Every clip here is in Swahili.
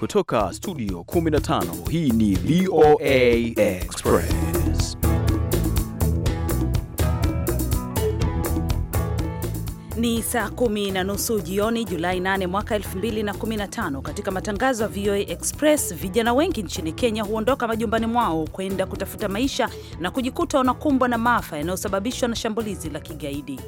Kutoka studio 15 hii ni VOA Express. Ni saa kumi na nusu jioni Julai 8 mwaka 2015. Katika matangazo ya VOA Express, vijana wengi nchini Kenya huondoka majumbani mwao kwenda kutafuta maisha na kujikuta wanakumbwa na maafa yanayosababishwa na shambulizi la kigaidi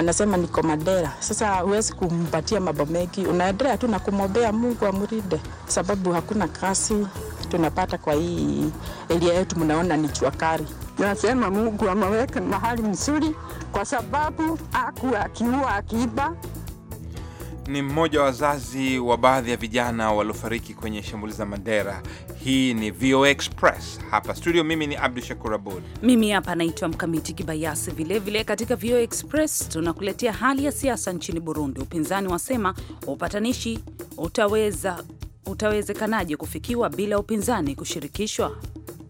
anasema niko Mandera. Sasa huwezi kumpatia mambo mengi, unaendelea tu na kumwombea Mungu amuride sababu hakuna kasi tunapata kwa hii elia yetu, mnaona ni chwakari. Nasema Mungu ameweka mahali mzuri, kwa sababu aku akiua akiiba ni mmoja wa wazazi wa baadhi ya vijana waliofariki kwenye shambulizi za Mandera. Hii ni VOA Express hapa studio. Mimi ni Abdu Shakur Abud, mimi hapa naitwa Mkamiti Kibayasi. Vilevile katika VOA Express tunakuletea hali ya siasa nchini Burundi. Upinzani wasema upatanishi utaweza utawezekanaje kufikiwa bila upinzani kushirikishwa?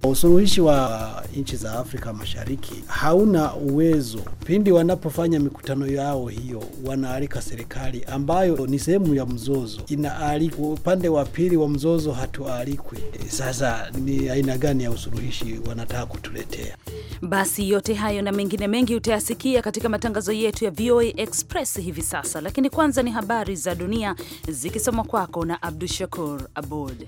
Usuluhishi wa nchi za Afrika Mashariki hauna uwezo. Pindi wanapofanya mikutano yao hiyo, wanaalika serikali ambayo ni sehemu ya mzozo, inaalikwa upande wa pili wa mzozo, hatualikwi. Sasa ni aina gani ya usuluhishi wanataka kutuletea? Basi yote hayo na mengine mengi utayasikia katika matangazo yetu ya VOA Express hivi sasa, lakini kwanza ni habari za dunia zikisomwa kwako na abdu shakur Abud.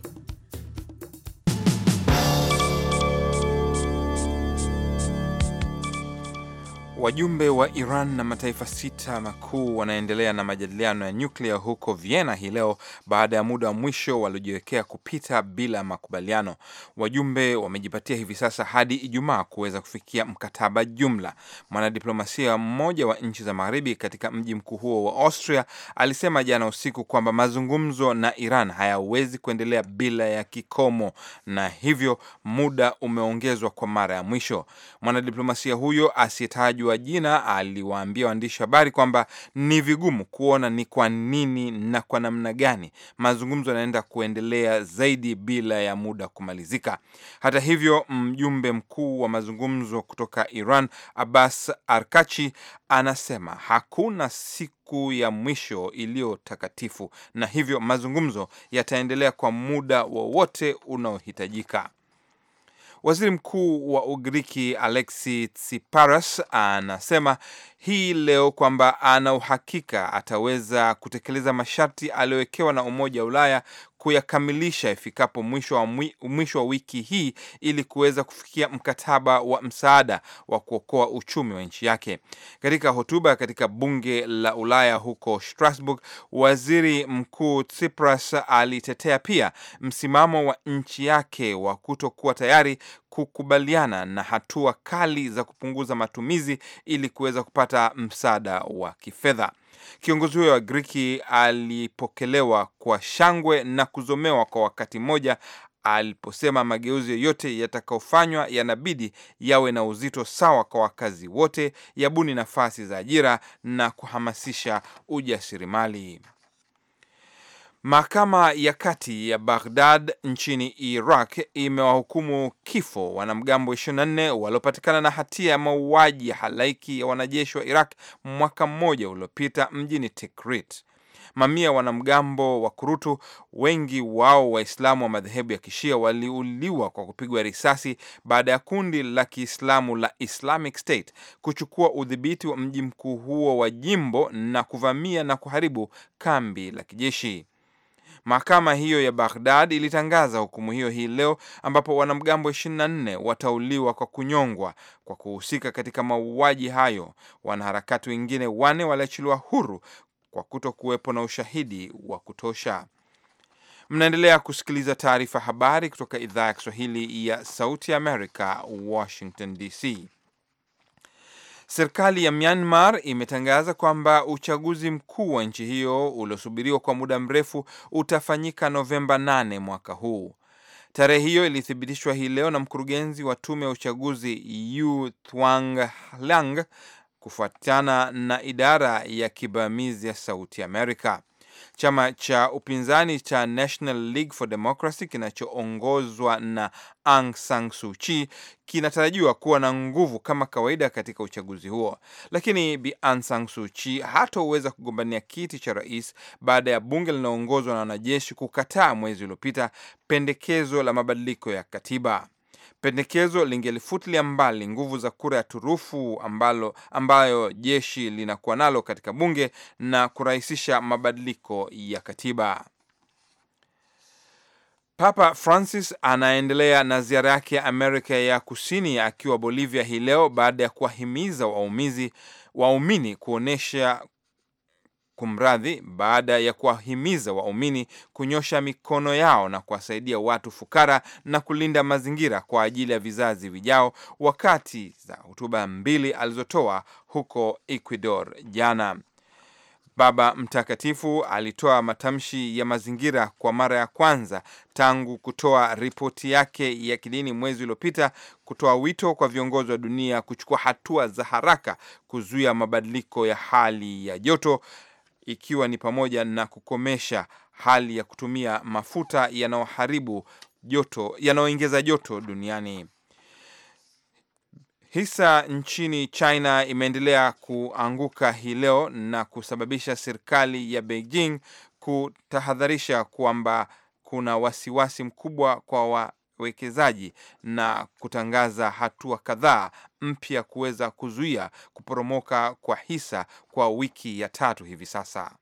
Wajumbe wa Iran na mataifa sita makuu wanaendelea na majadiliano ya nyuklia huko Vienna hii leo baada ya muda wa mwisho waliojiwekea kupita bila makubaliano. Wajumbe wamejipatia hivi sasa hadi Ijumaa kuweza kufikia mkataba jumla. Mwanadiplomasia mmoja wa nchi za Magharibi katika mji mkuu huo wa Austria alisema jana usiku kwamba mazungumzo na Iran hayawezi kuendelea bila ya kikomo, na hivyo muda umeongezwa kwa mara ya mwisho. Mwanadiplomasia huyo asiyetajwa wa jina aliwaambia waandishi wa habari kwamba ni vigumu kuona ni kwa nini na kwa namna gani mazungumzo yanaenda kuendelea zaidi bila ya muda kumalizika. Hata hivyo, mjumbe mkuu wa mazungumzo kutoka Iran Abbas Arkachi anasema hakuna siku ya mwisho iliyo takatifu, na hivyo mazungumzo yataendelea kwa muda wowote unaohitajika. Waziri Mkuu wa Ugiriki Alexis Tsiparas anasema hii leo kwamba ana uhakika ataweza kutekeleza masharti aliyowekewa na Umoja wa Ulaya kuyakamilisha ifikapo mwisho wa, mwisho wa wiki hii ili kuweza kufikia mkataba wa msaada wa kuokoa uchumi wa nchi yake. Katika hotuba katika bunge la Ulaya huko Strasbourg, waziri mkuu Tsipras alitetea pia msimamo wa nchi yake wa kutokuwa tayari kukubaliana na hatua kali za kupunguza matumizi ili kuweza kupata msaada wa kifedha. Kiongozi huyo wa Griki alipokelewa kwa shangwe na kuzomewa kwa wakati mmoja aliposema mageuzi yoyote yatakayofanywa yanabidi yawe na uzito sawa kwa wakazi wote, yabuni nafasi za ajira na kuhamasisha ujasiriamali. Mahakama ya kati ya Baghdad nchini Iraq imewahukumu kifo wanamgambo 24 waliopatikana na hatia ya mauaji ya halaiki ya wanajeshi wa Iraq mwaka mmoja uliopita mjini Tikrit. Mamia wanamgambo wa kurutu, wengi wao Waislamu wa madhehebu ya Kishia, waliuliwa kwa kupigwa risasi baada ya kundi la Kiislamu la Islamic State kuchukua udhibiti wa mji mkuu huo wa jimbo na kuvamia na kuharibu kambi la kijeshi. Mahakama hiyo ya Baghdad ilitangaza hukumu hiyo hii leo, ambapo wanamgambo 24 watauliwa kwa kunyongwa kwa kuhusika katika mauaji hayo. Wanaharakati wengine wane waliachiliwa huru kwa kuto kuwepo na ushahidi wa kutosha. Mnaendelea kusikiliza taarifa habari kutoka idhaa ya Kiswahili ya Sauti ya Amerika, Washington DC. Serikali ya Myanmar imetangaza kwamba uchaguzi mkuu wa nchi hiyo uliosubiriwa kwa muda mrefu utafanyika Novemba 8 mwaka huu. Tarehe hiyo ilithibitishwa hii leo na mkurugenzi wa tume ya uchaguzi Yu Thwang Lang kufuatana na idara ya kibamizi ya Sauti Amerika. Chama cha upinzani cha National League for Democracy kinachoongozwa na Aung San Suu Kyi kinatarajiwa kuwa na nguvu kama kawaida katika uchaguzi huo, lakini Bi Aung San Suu Kyi hatoweza kugombania kiti cha rais baada ya bunge linaloongozwa na wanajeshi kukataa mwezi uliopita pendekezo la mabadiliko ya katiba. Pendekezo lingelifutilia mbali nguvu za kura ya turufu ambalo, ambayo jeshi linakuwa nalo katika bunge na kurahisisha mabadiliko ya katiba. Papa Francis anaendelea na ziara yake ya Amerika ya Kusini akiwa Bolivia hii leo baada ya kuwahimiza waumini kuonesha kumradhi, baada ya kuwahimiza waumini kunyosha mikono yao na kuwasaidia watu fukara na kulinda mazingira kwa ajili ya vizazi vijao, wakati za hotuba mbili alizotoa huko Ecuador jana. Baba Mtakatifu alitoa matamshi ya mazingira kwa mara ya kwanza tangu kutoa ripoti yake ya kidini mwezi uliopita, kutoa wito kwa viongozi wa dunia kuchukua hatua za haraka kuzuia mabadiliko ya hali ya joto ikiwa ni pamoja na kukomesha hali ya kutumia mafuta yanayoharibu joto yanayoongeza joto duniani. Hisa nchini China imeendelea kuanguka hii leo na kusababisha serikali ya Beijing kutahadharisha kwamba kuna wasiwasi mkubwa kwa wa wekezaji na kutangaza hatua kadhaa mpya kuweza kuzuia kuporomoka kwa hisa kwa wiki ya tatu hivi sasa.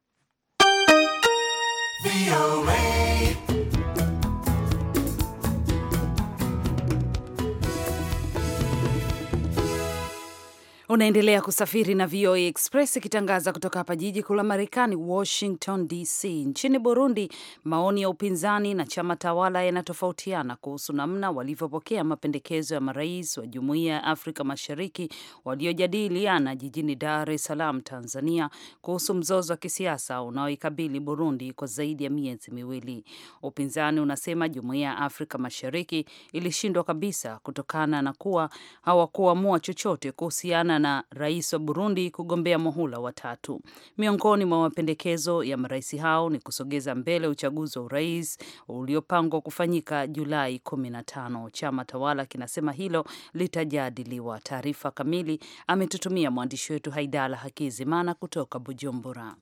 Unaendelea kusafiri na VOA e Express ikitangaza kutoka hapa jiji kuu la Marekani, Washington DC. Nchini Burundi, maoni ya upinzani na chama tawala yanatofautiana kuhusu namna walivyopokea mapendekezo ya marais wa Jumuiya ya Afrika Mashariki waliojadiliana jijini Dar es Salaam, Tanzania, kuhusu mzozo wa kisiasa unaoikabili Burundi kwa zaidi ya miezi miwili. Upinzani unasema Jumuiya ya Afrika Mashariki ilishindwa kabisa kutokana na kuwa hawakuamua chochote kuhusiana na rais wa Burundi kugombea muhula wa tatu. Miongoni mwa mapendekezo ya marais hao ni kusogeza mbele uchaguzi wa urais uliopangwa kufanyika Julai 15. Chama tawala kinasema hilo litajadiliwa. Taarifa kamili ametutumia mwandishi wetu Haidala Hakizimana kutoka Bujumbura.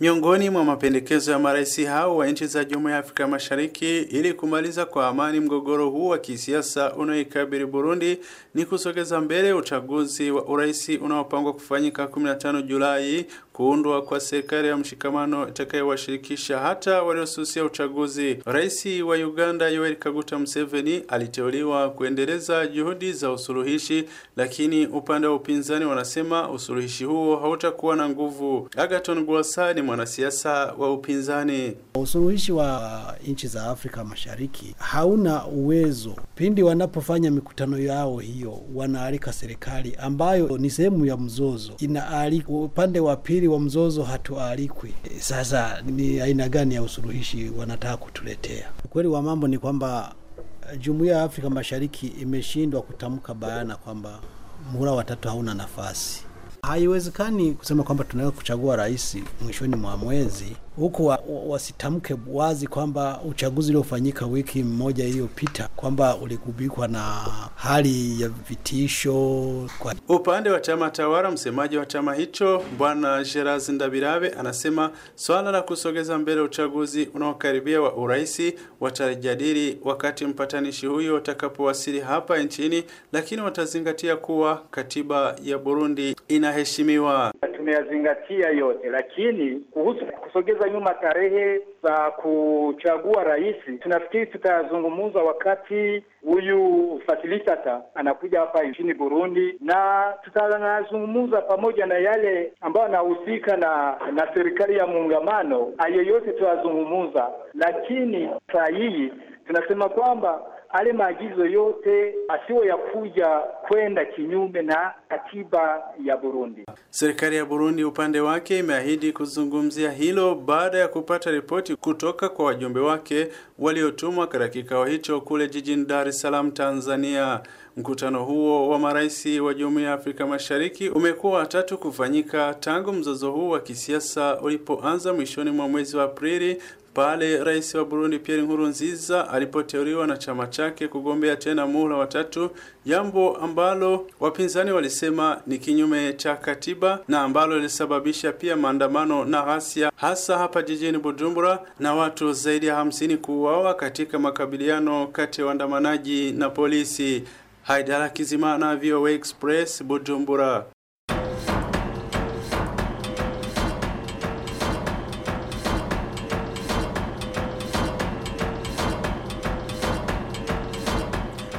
Miongoni mwa mapendekezo ya marais hao wa nchi za Jumuiya ya Afrika Mashariki ili kumaliza kwa amani mgogoro huu wa kisiasa unaoikabili Burundi ni kusogeza mbele uchaguzi wa urais unaopangwa kufanyika 15 Julai kuundwa kwa serikali ya mshikamano itakayowashirikisha hata waliosusia uchaguzi. Rais wa Uganda Yoweri Kaguta Museveni aliteuliwa kuendeleza juhudi za usuluhishi, lakini upande wa upinzani wanasema usuluhishi huo hautakuwa na nguvu. Agaton Gwasa ni mwanasiasa wa upinzani. Usuluhishi wa nchi za Afrika Mashariki hauna uwezo. Pindi wanapofanya mikutano yao hiyo, wanaalika serikali ambayo ni sehemu ya mzozo, inaalika upande wa pili mawakili wa mzozo hatualikwi. Sasa ni aina gani ya usuluhishi wanataka kutuletea? Ukweli wa mambo ni kwamba eh, Jumuiya ya Afrika Mashariki imeshindwa kutamka bayana kwamba muhula watatu hauna nafasi. Haiwezekani kusema kwamba tunaweza kuchagua rais mwishoni mwa mwezi huku wasitamke wa, wa wazi kwamba uchaguzi uliofanyika wiki mmoja iliyopita kwamba uligubikwa na hali ya vitisho kwa... Upande wa chama tawara msemaji wa chama hicho Bwana Gerard ndabirave anasema swala la kusogeza mbele uchaguzi unaokaribia wa urahisi watajadili wakati mpatanishi huyo atakapowasili hapa nchini, lakini watazingatia kuwa katiba ya Burundi ina waheshimiwa. Tumeyazingatia yote, lakini kuhusu kusogeza nyuma tarehe za kuchagua rais, tunafikiri tutayazungumuza wakati huyu fasilitata anakuja hapa nchini Burundi, na tutanazungumuza pamoja na yale ambayo anahusika na na serikali ya muungamano. Ayeyote tutayazungumuza, lakini saa hii tunasema kwamba ale maagizo yote asiwe ya kuja kwenda kinyume na katiba ya Burundi. Serikali ya Burundi upande wake imeahidi kuzungumzia hilo baada ya kupata ripoti kutoka kwa wajumbe wake waliotumwa katika kikao hicho kule jijini Dar es Salaam, Tanzania. Mkutano huo wa marais wa Jumuiya ya Afrika Mashariki umekuwa watatu kufanyika tangu mzozo huu wa kisiasa ulipoanza mwishoni mwa mwezi wa Aprili pale rais wa Burundi Pierre Nkurunziza alipoteuliwa na chama chake kugombea tena muhula watatu, jambo ambalo wapinzani walisema ni kinyume cha katiba na ambalo lilisababisha pia maandamano na ghasia hasa hapa jijini Bujumbura na watu zaidi ya hamsini kuuawa katika makabiliano kati ya waandamanaji na polisi. Haidara Kizimana, VOA Express, Bujumbura.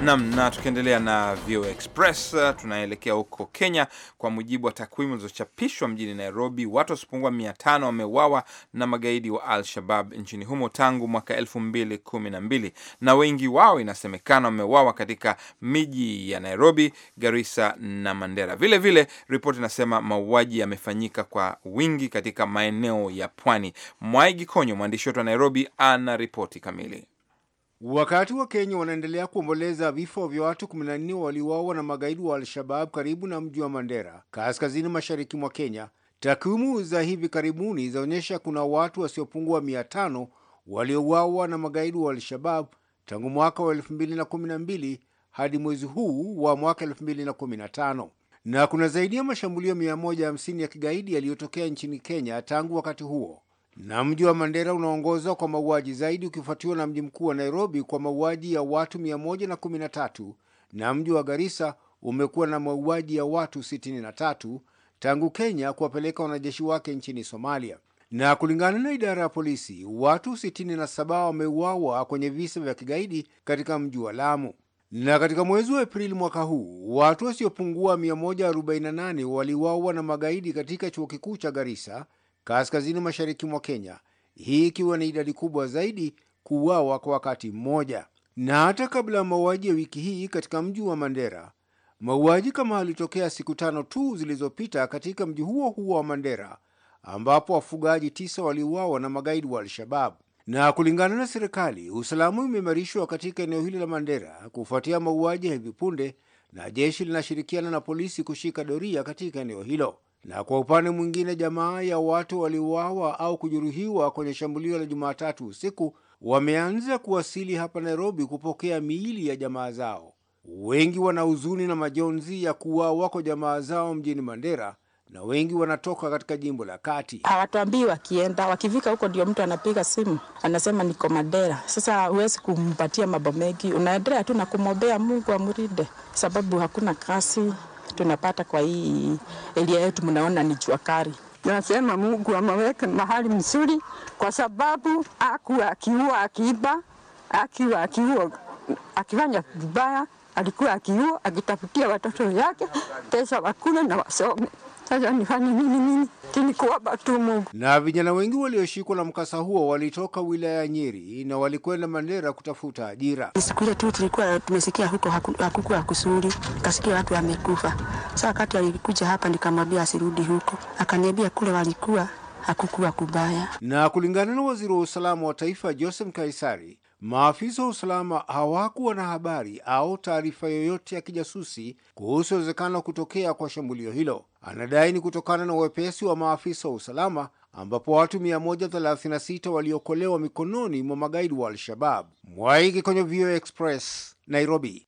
Nam na tukiendelea na Vio Express, uh, tunaelekea huko Kenya. Kwa mujibu wa takwimu zilizochapishwa mjini Nairobi, watu wasiopungua mia tano wameuawa na magaidi wa Al Shabab nchini humo tangu mwaka elfu mbili kumi na mbili na wengi wao inasemekana wameuawa katika miji ya Nairobi, Garissa na Mandera. Vile vile ripoti inasema mauaji yamefanyika kwa wingi katika maeneo ya pwani. Mwaigi Konyo, mwandishi wetu wa Nairobi, ana ripoti kamili. Wakati wa Kenya wanaendelea kuomboleza vifo vya watu 14 waliuawa na magaidi wa Al-Shabab karibu na mji wa Mandera, kaskazini mashariki mwa Kenya. Takwimu za hivi karibuni zaonyesha kuna watu wasiopungua 500 waliouawa na magaidi wa Al-Shabab tangu mwaka wa 2012 hadi mwezi huu wa mwaka 2015 na kuna zaidi ya mashambulio 150 ya kigaidi yaliyotokea nchini Kenya tangu wakati huo na mji wa Mandera unaongoza kwa mauaji zaidi ukifuatiwa na mji mkuu wa Nairobi kwa mauaji ya watu 113 na mji wa Garissa umekuwa na mauaji ya watu 63 tangu Kenya kuwapeleka wanajeshi wake nchini Somalia. Na kulingana na idara ya polisi, watu 67 wameuawa kwenye visa vya kigaidi katika mji wa Lamu. Na katika mwezi wa Aprili mwaka huu, watu wasiopungua 148 waliuawa na magaidi katika chuo kikuu cha Garissa kaskazini mashariki mwa Kenya, hii ikiwa ni idadi kubwa zaidi kuuawa kwa wakati mmoja. Na hata kabla ya mauaji ya wiki hii katika mji wa Mandera, mauaji kama alitokea siku tano tu zilizopita katika mji huo huo wa Mandera, ambapo wafugaji tisa waliuawa na magaidi wa Al-Shabab. Na kulingana na serikali, usalama umeimarishwa katika eneo hili la Mandera kufuatia mauaji ya hivi punde, na jeshi linashirikiana na polisi kushika doria katika eneo hilo. Na kwa upande mwingine, jamaa ya watu waliwawa au kujeruhiwa kwenye shambulio la Jumatatu usiku wameanza kuwasili hapa Nairobi kupokea miili ya jamaa zao. Wengi wana huzuni na majonzi ya kuuawa kwa jamaa zao mjini Mandera na wengi wanatoka katika jimbo la kati. Hawatuambii wakienda, wakifika huko ndio mtu anapiga simu anasema niko Mandera. Sasa huwezi kumpatia mambo mengi, unaendelea tu na kumwombea Mungu amuride sababu hakuna kasi tunapata kwa hii elia yetu, mnaona ni jua kali. Nasema Mungu ameweka mahali mzuri, kwa sababu aku akiua akiiba, akiwa akiua akifanya vibaya, alikuwa akiua akitafutia watoto yake pesa wakule na wasome. Sasa nifanye nini Tinikuomba tu Mungu. Na vijana wengi walioshikwa na mkasa huo walitoka wilaya ya Nyeri na walikwenda Mandera kutafuta ajira. Siku ile tu tulikuwa tumesikia huko hakukuwa kusuri, kasikia watu wamekufa. Sasa wakati alikuja hapa nikamwambia asirudi huko, akaniambia kule walikuwa hakukuwa kubaya. Na kulingana na waziri wa usalama wa taifa Joseph Kaisari Maafisa wa usalama hawakuwa na habari au taarifa yoyote ya kijasusi kuhusu uwezekano wa kutokea kwa shambulio hilo. Anadai ni kutokana na uwepesi wa maafisa wa usalama ambapo watu 136 waliokolewa mikononi mwa magaidi wa Al-Shabab. Mwaiki kwenye VOA Express, Nairobi.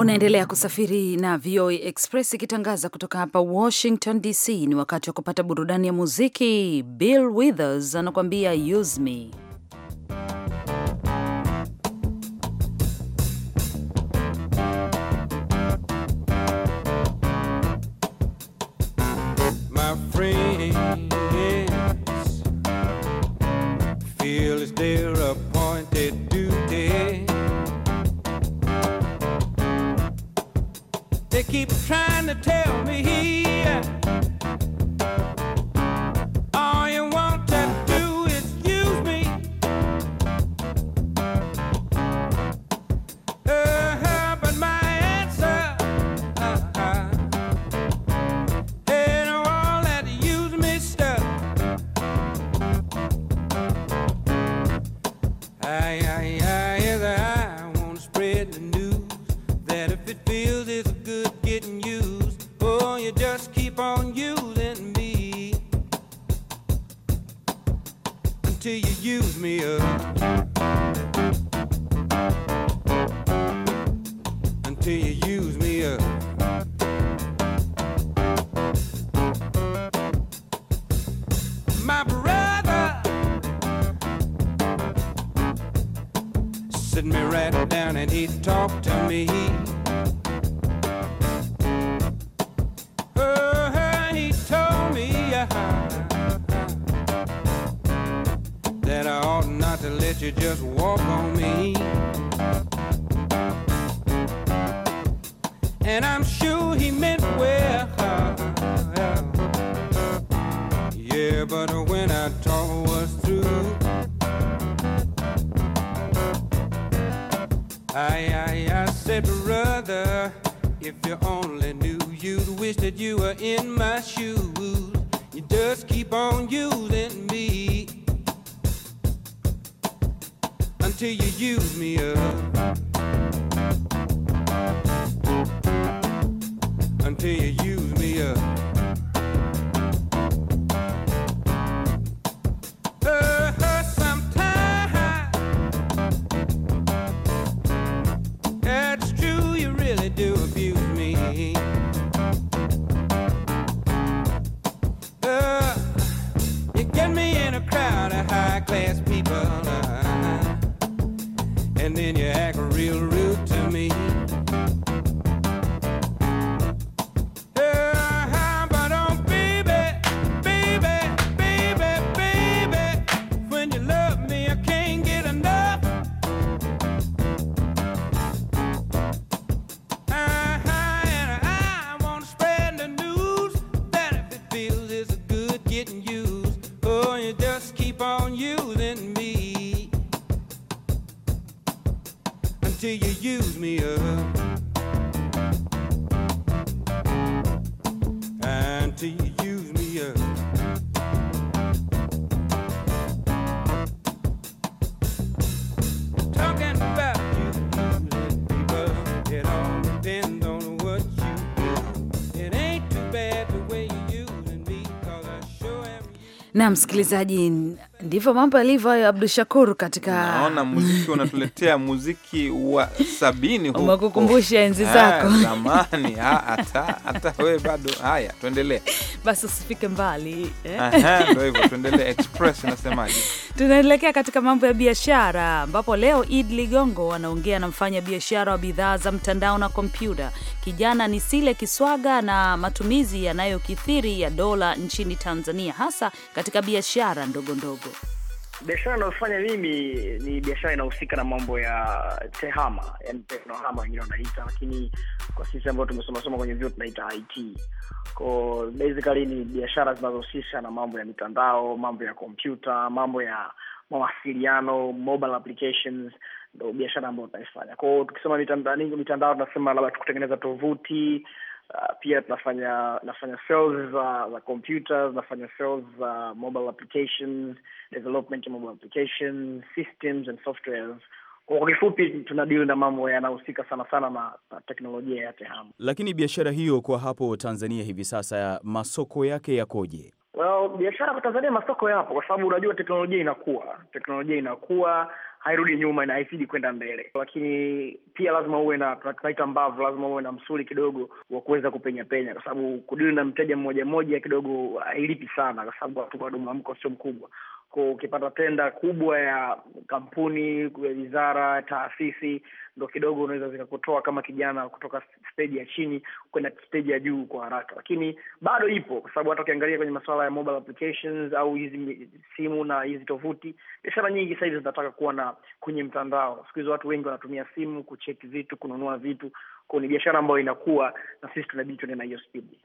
Mm-hmm. Unaendelea kusafiri na VOA e Express ikitangaza kutoka hapa Washington DC. Ni wakati wa kupata burudani ya muziki. Bill Withers anakuambia use me but when I told was true, I, I, I said, brother, if you only knew, you'd wish that you were in my shoes. You just keep on using me until you use me up. Until you use na msikilizaji Ndivyo mambo yalivyo ya eh, Abdu Shakur katika naona muziki unatuletea muziki wa sabini Umekukumbusha enzi ah, zako zamani. Ah, hata hata wewe bado. Haya, tuendelee basi, usifike mbali eh? ndio hivyo, tuendelee express nasemaje? Tunaelekea katika mambo ya biashara ambapo leo Id Ligongo anaongea na mfanya biashara wa bidhaa za mtandao na kompyuta kijana ni Sile Kiswaga na matumizi yanayokithiri ya dola nchini Tanzania hasa katika biashara ndogo ndogo biashara inayofanya mimi ni biashara inahusika na mambo ya tehama yani teknohama wengine wanaita lakini kwa sisi ambao tumesomasoma kwenye vyo tunaita it ko basically ni biashara zinazohusisha na mambo ya mitandao mambo ya kompyuta mambo ya mawasiliano mobile applications ndo biashara ambayo tunaifanya kwao tukisema mitandao tunasema labda tukutengeneza tovuti Uh, pia tunafanya nafanya sales za za computers, nafanya sales za mobile applications, development mobile applications, systems and softwares. Kwa kifupi, tuna tunadili na mambo yanahusika sana sana na teknolojia ya tehama. Lakini biashara hiyo kwa hapo Tanzania hivi sasa masoko yake yakoje? Well, biashara kwa Tanzania masoko yapo, kwa sababu unajua teknolojia inakuwa, teknolojia inakuwa hairudi nyuma na haizidi kwenda mbele, lakini pia lazima uwe na tunaita mbavu, lazima uwe na msuli kidogo wa kuweza kupenya penya, kwa sababu kudili na mteja mmoja mmoja kidogo hailipi sana, kwa sababu watu bado mwamko sio mkubwa ukipata tenda kubwa ya kampuni, wizara, taasisi, ndo kidogo unaweza zikakutoa kama kijana kutoka steji ya chini kwenda steji ya juu kwa haraka, lakini bado ipo, kwa sababu hata ukiangalia kwenye masuala ya mobile applications au hizi simu na hizi tovuti, biashara nyingi sahizi zinataka kuwa na kwenye mtandao. Siku hizi watu wengi wanatumia simu kucheki vitu, kununua vitu kwa ni biashara ambayo inakuwa na sisi tunabidi tuende na hiyo spidi,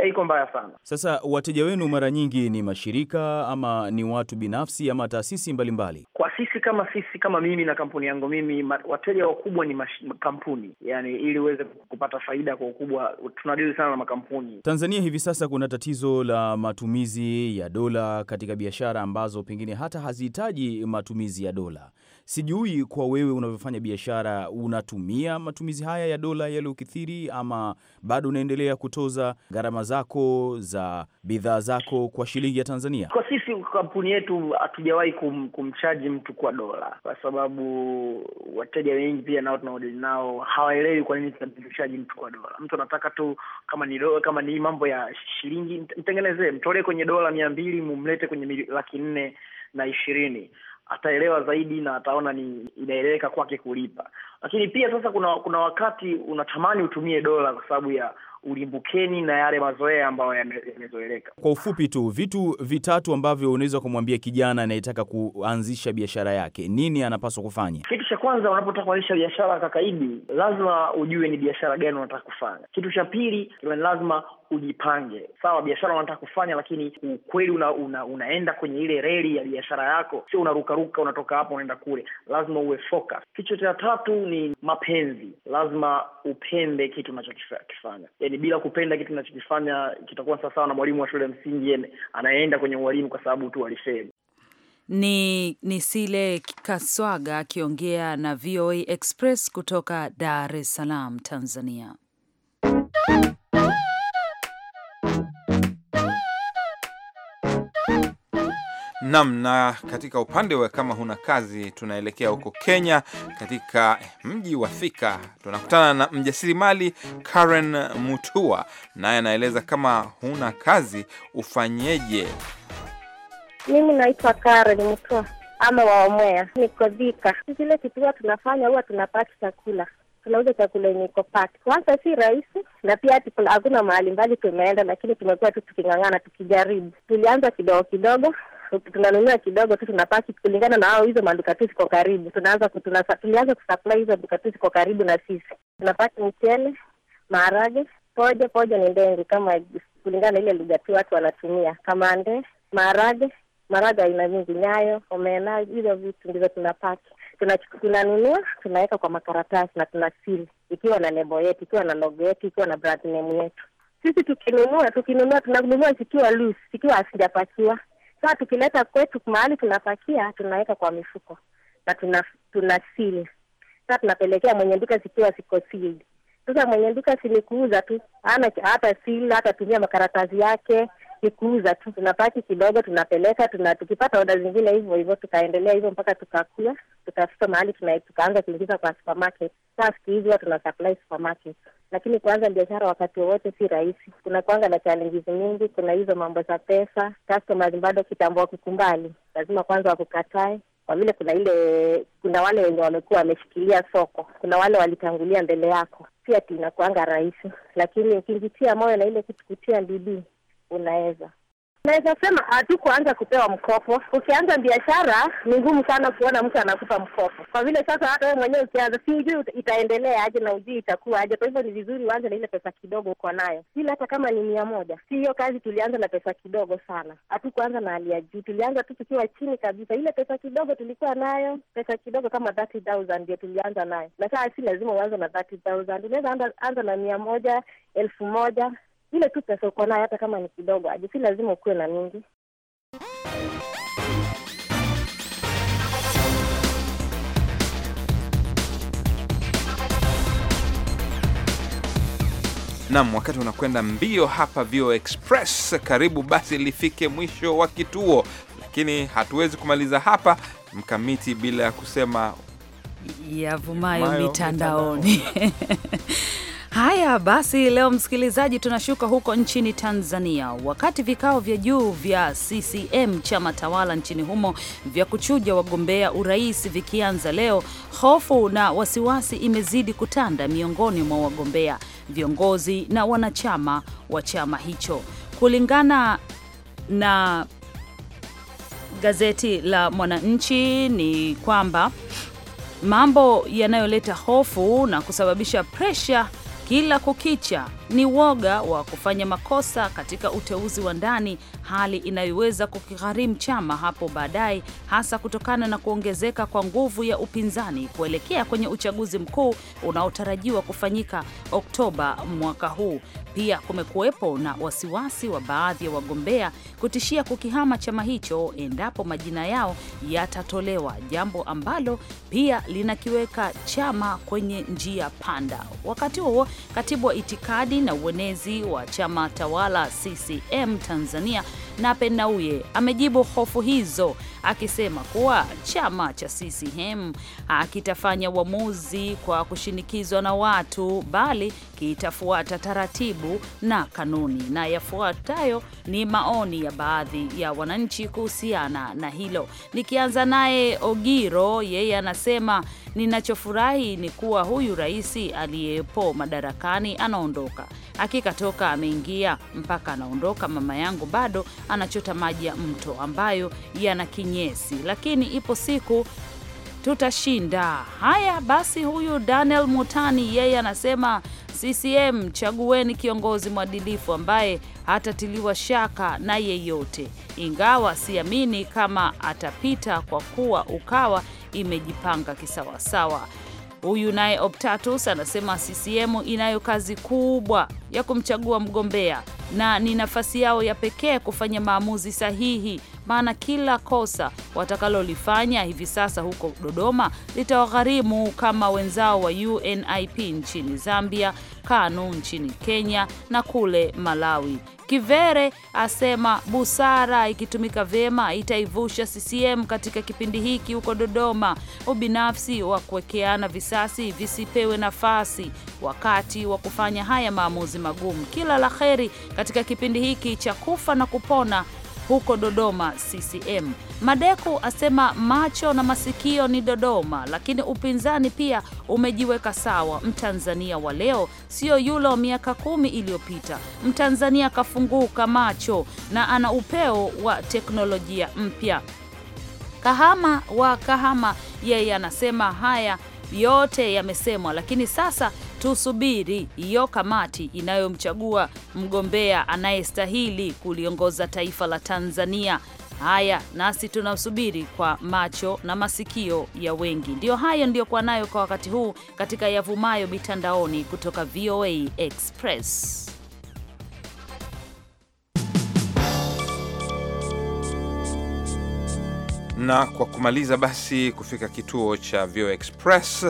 haiko mbaya sana. Sasa wateja wenu mara nyingi ni mashirika ama ni watu binafsi ama taasisi mbalimbali Kwa sisi kama sisi kama mimi na kampuni yangu mimi, wateja wakubwa ni mash, kampuni yani, ili uweze kupata faida kwa ukubwa tunadili sana na makampuni. Tanzania hivi sasa kuna tatizo la matumizi ya dola katika biashara ambazo pengine hata hazihitaji matumizi ya dola. Sijui kwa wewe unavyofanya biashara, unatumia matumizi haya ya dola yaliyokithiri, ama bado unaendelea kutoza gharama zako za bidhaa zako kwa shilingi ya Tanzania? Kwa sisi kampuni yetu hatujawahi kum, kumchaji mtu kwa dola, kwa sababu wateja wengi pia nao tunaodili nao hawaelewi kwa nini tunamchaji mtu kwa dola. Mtu anataka tu kama ni dola, kama ni mambo ya shilingi, mtengenezee, mtolee kwenye dola mia mbili, mumlete kwenye laki nne na ishirini ataelewa zaidi na ataona ni inaeleweka kwake kulipa. Lakini pia sasa kuna kuna wakati unatamani utumie dola kwa sababu ya ulimbukeni na yale mazoea ambayo yamezoeleka. Kwa ufupi tu, vitu vitatu ambavyo unaweza kumwambia kijana anayetaka kuanzisha biashara yake, nini anapaswa kufanya? Kitu cha kwanza, unapotaka kuanzisha biashara kakaidi, lazima ujue ni biashara gani unataka kufanya. Kitu cha pili, lazima ujipange. Sawa, biashara unataka kufanya, lakini ukweli una, una, unaenda kwenye ile reli ya biashara yako, sio unarukaruka, unatoka hapa unaenda kule. Lazima uwe focus. Kichwa cha tatu ni mapenzi. Lazima upende kitu unachokifanya, yani bila kupenda kitu unachokifanya kitakuwa sawasawa na mwalimu wa shule ya msingi anayeenda kwenye ualimu kwa sababu tu alifeli. Ni, ni Sile Kaswaga akiongea na VOA Express kutoka Dar es Salaam, Tanzania. Nam, na katika upande wa kama huna kazi, tunaelekea huko Kenya, katika mji wa Thika. Tunakutana na mjasiriamali Karen Mutua, naye anaeleza kama huna kazi ufanyeje. Mimi naitwa Karen Mutua ama Waomwea, niko Thika. Zile kitu huwa tunafanya huwa tunapaki chakula tunauza chakula yenye iko pati. Kwanza si rahisi, na pia hakuna mahali mbali tumeenda, lakini tumekuwa tu tuking'ang'ana, tukijaribu. Tulianza kidogo kidogo, tunanunua kidogo tu tunapaki kulingana na hao, hizo maduka tu ziko karibu. Tunaanza tulianza kusupply hizo duka tu ziko karibu na sisi, tunapaki mchele, maharage, poja poja ni ndengu kama kulingana ile lugha tu watu wanatumia, kama nde, maharage, maharage aina nyingi, nyayo, omena, hizo vitu ndizo tunapaki tunanunua tunaweka kwa makaratasi na tunasili, ikiwa na nebo yetu, ikiwa na logo yetu, ikiwa na brand name yetu. Sisi tukinunua tukinunua tunanunua zikiwa loose, zikiwa hazijapakiwa saa tukileta kwetu mahali tunapakia, tunaweka kwa mifuko na tuna, tuna sili saa tunapelekea mwenye duka zikiwa ziko sili. Sasa mwenye duka silikuuza tu hana hata sili, hatatumia makaratasi yake kuuza tu, tunapaki kidogo, tunapeleka tuna, tukipata oda zingine hivyo hivyo, tukaendelea hivyo mpaka tukakula, tukafika mahali tuna, tukaanza kuingiza kwa supermarket. Saa siku huwa tuna supply supermarket, lakini kuanza biashara wakati wowote si rahisi. Kuna kwanza na challenges nyingi, kuna hizo mambo za pesa, customers bado kitambo wakukumbali, lazima kwanza wakukatae kwa vile kuna ile kuna wale wenye wamekuwa wameshikilia soko, kuna wale walitangulia mbele yako, pia inakuanga rahisi, lakini ukijitia moyo na ile kitu kutia bidii, unaweza naweza sema hatukuanza kupewa mkopo. Ukianza biashara ni ngumu sana kuona mtu anakupa mkopo, kwa vile sasa hata wewe mwenyewe ukianza, si ujui itaendelea aje na ujui itakuwa aje. Kwa hivyo ni vizuri uanze na ile pesa kidogo uko nayo, vile hata kama ni mia moja. Si hiyo kazi tulianza na pesa kidogo sana, hatukuanza na hali ya juu, tulianza tu tukiwa chini kabisa. Ile pesa kidogo tulikuwa nayo, pesa kidogo kama ndio tulianza nayo, na saa si lazima uanze na unaweza anza na mia moja, elfu moja ile tu pesa uko nayo, hata kama ni kidogo aje, si lazima ukuwe na mingi. Nam, wakati unakwenda mbio hapa Vio Express karibu basi lifike mwisho wa kituo, lakini hatuwezi kumaliza hapa mkamiti bila ya kusema yavumayo mitandaoni Haya basi, leo msikilizaji, tunashuka huko nchini Tanzania. Wakati vikao vya juu vya CCM chama tawala nchini humo vya kuchuja wagombea urais vikianza leo, hofu na wasiwasi imezidi kutanda miongoni mwa wagombea, viongozi na wanachama wa chama hicho, kulingana na gazeti la Mwananchi ni kwamba mambo yanayoleta hofu na kusababisha presha kila kukicha ni woga wa kufanya makosa katika uteuzi wa ndani, hali inayoweza kukigharimu chama hapo baadaye, hasa kutokana na kuongezeka kwa nguvu ya upinzani kuelekea kwenye uchaguzi mkuu unaotarajiwa kufanyika Oktoba mwaka huu. Pia kumekuwepo na wasiwasi wa baadhi ya wa wagombea kutishia kukihama chama hicho endapo majina yao yatatolewa, jambo ambalo pia linakiweka chama kwenye njia panda. Wakati huo, katibu wa itikadi na uenezi wa chama tawala CCM Tanzania Nape Nnauye amejibu hofu hizo akisema kuwa chama cha CCM hakitafanya uamuzi kwa kushinikizwa na watu, bali kitafuata taratibu na kanuni. Na yafuatayo ni maoni ya baadhi ya wananchi kuhusiana na hilo, nikianza naye Ogiro. Yeye anasema ninachofurahi ni kuwa huyu rais aliyepo madarakani anaondoka. Hakika toka ameingia mpaka anaondoka, mama yangu bado anachota maji ya mto ambayo yana kinyesi, lakini ipo siku tutashinda. Haya basi, huyu Daniel Mutani yeye anasema CCM chagueni kiongozi mwadilifu ambaye hatatiliwa shaka na yeyote, ingawa siamini kama atapita kwa kuwa Ukawa imejipanga kisawasawa. Huyu naye Optatus anasema CCM inayo kazi kubwa ya kumchagua mgombea, na ni nafasi yao ya pekee kufanya maamuzi sahihi, maana kila kosa watakalolifanya hivi sasa huko Dodoma litawagharimu kama wenzao wa UNIP nchini Zambia, KANU nchini Kenya na kule Malawi. Kivere asema busara ikitumika vyema itaivusha CCM katika kipindi hiki huko Dodoma. Ubinafsi wa kuwekeana visasi visipewe nafasi wakati wa kufanya haya maamuzi magumu. Kila la heri katika kipindi hiki cha kufa na kupona huko Dodoma CCM. Madeku asema macho na masikio ni Dodoma, lakini upinzani pia umejiweka sawa. Mtanzania wa leo sio yule wa miaka kumi iliyopita. Mtanzania kafunguka macho na ana upeo wa teknolojia mpya. Kahama wa Kahama yeye anasema haya yote yamesemwa, lakini sasa tusubiri hiyo kamati inayomchagua mgombea anayestahili kuliongoza taifa la Tanzania. Haya, nasi tunasubiri kwa macho na masikio ya wengi. Ndiyo hayo ndiyokuwa nayo kwa wakati huu katika yavumayo mitandaoni kutoka VOA Express. Na kwa kumaliza basi, kufika kituo cha VOA Express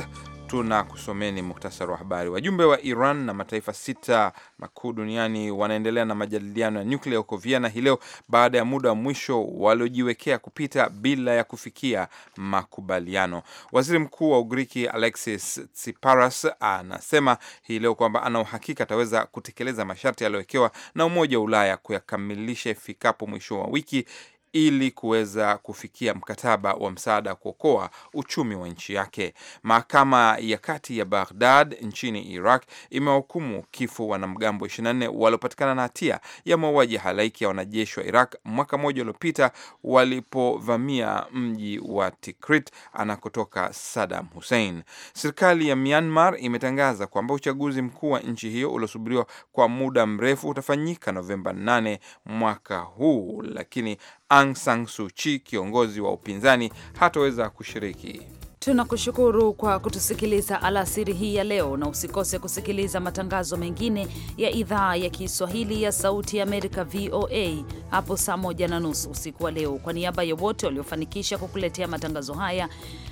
tuna kusomeni muktasari wa habari. Wajumbe wa Iran na mataifa sita makuu duniani wanaendelea na majadiliano ya nyuklia huko Vienna hii leo baada ya muda wa mwisho waliojiwekea kupita bila ya kufikia makubaliano. Waziri Mkuu wa Ugiriki Alexis Tsiparas anasema hii leo kwamba ana uhakika ataweza kutekeleza masharti yaliyowekewa na Umoja wa Ulaya kuyakamilisha ifikapo mwisho wa wiki ili kuweza kufikia mkataba wa msaada wa kuokoa uchumi wa nchi yake. Mahakama ya kati ya Baghdad nchini Iraq imewahukumu kifo wanamgambo 24 waliopatikana na hatia ya mauaji halaiki ya wanajeshi wa Iraq mwaka mmoja uliopita walipovamia mji wa Tikrit anakotoka Saddam Hussein. Serikali ya Myanmar imetangaza kwamba uchaguzi mkuu wa nchi hiyo uliosubiriwa kwa muda mrefu utafanyika Novemba 8 mwaka huu, lakini Aung San Suu Kyi, kiongozi wa upinzani, hataweza kushiriki. Tunakushukuru kwa kutusikiliza alasiri hii ya leo, na usikose kusikiliza matangazo mengine ya idhaa ya Kiswahili ya Sauti ya Amerika, VOA, hapo saa moja na nusu usiku wa leo. Kwa niaba ya wote waliofanikisha kukuletea matangazo haya,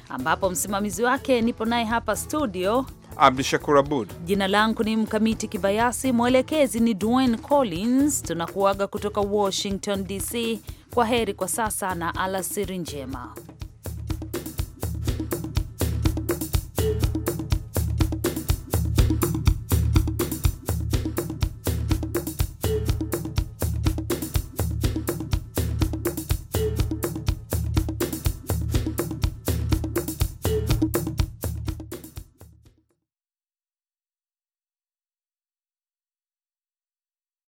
ambapo msimamizi wake nipo naye hapa studio Abdu Shakur Abud. Jina langu ni Mkamiti Kibayasi, mwelekezi ni Dwayne Collins. Tunakuaga kutoka Washington DC. Kwa heri kwa sasa na alasiri njema.